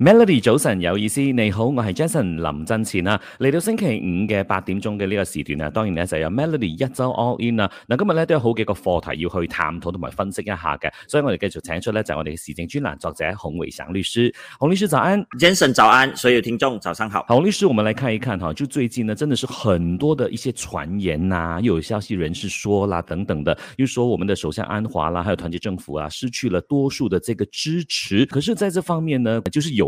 Melody 早晨有意思，你好，我係 Jason 林振前啊，嚟到星期五嘅八點鐘嘅呢個時段啊，當然呢，就有 Melody 一周 all in 啊。嗱，今日呢，都有好幾個課題要去探討同埋分析一下嘅，所以我哋繼續請出呢，就係、是、我哋嘅時政專欄作者洪偉祥律師，洪律師早安，Jason 早安，所有聽眾早上好。好，洪律師，我們來看一看。就最近呢，真的是很多的一些傳言啊，又有消息人士說啦等等的，又說我們的首相安華啦，還有團結政府啊，失去了多數的這個支持，可是在這方面呢，就是有。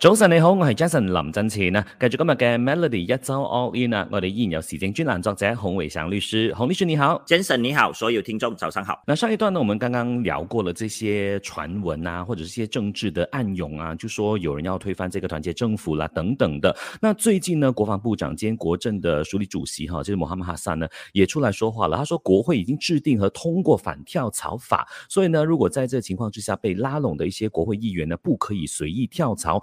早晨你好，我，Johnson, 我是 Jason 林振前呢，繼續今日嘅 Melody 一周 all in 啊，我哋依然有時政專欄作者洪偉祥律師，洪律師你好，Jason 你好，所有聽眾早上好。那上一段呢，我們剛剛聊過了這些傳聞啊，或者是些政治的暗湧啊，就說有人要推翻這個團結政府啦等等的。那最近呢，國防部長兼國政的署理主席哈、啊，就是穆罕默哈薩呢，也出來說話了，他說國會已經制定和通過反跳槽法，所以呢，如果在這個情況之下被拉攏的一些國會議員呢，不可以隨意跳槽。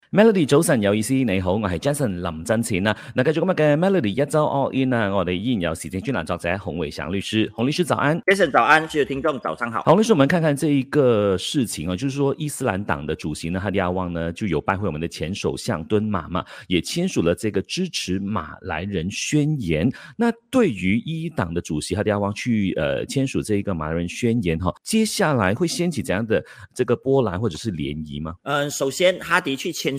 Melody 早晨，有意思，你好，我係 Jason 林振前啊。那繼、個、續今，今日嘅 Melody 一周 all in 啊，我哋依然有時政專欄作者洪維祥律師，洪律師早安，Jason 早安，所有聽眾早上好。洪律師，我們看看這一個事情啊，就是說伊斯蘭黨的主席呢，哈迪阿旺呢，就有拜會我們的前首相敦馬嘛，也簽署了這個支持馬來人宣言。那對於伊黨的主席哈迪阿旺去，呃，簽署這一個馬來人宣言，哈，接下來會掀起怎樣的這個波瀾或者是漣漪嗎？嗯、呃，首先哈迪去簽。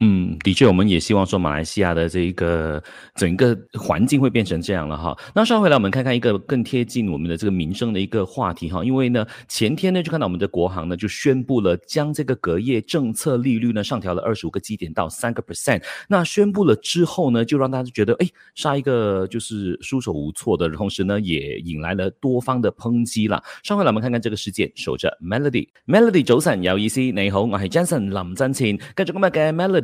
嗯，的確，我們也希望說馬來西亞的這一個整個環境會變成這樣了哈。那上回來，我們看看一個更貼近我們的這個民生的一個話題哈。因為呢，前天呢就看到我們的國行呢就宣布了將這個隔夜政策利率呢上調了二十五個基點到三個 percent。那宣布了之後呢，就讓大家覺得，誒、欸，殺一個就是束手無措的同時呢，也引來了多方的抨擊啦。上回來，我們看看這個事件。守着 Melody，Melody 早晨有意思，你好，我係 Jason 林振前，跟住今日嘅 Melody。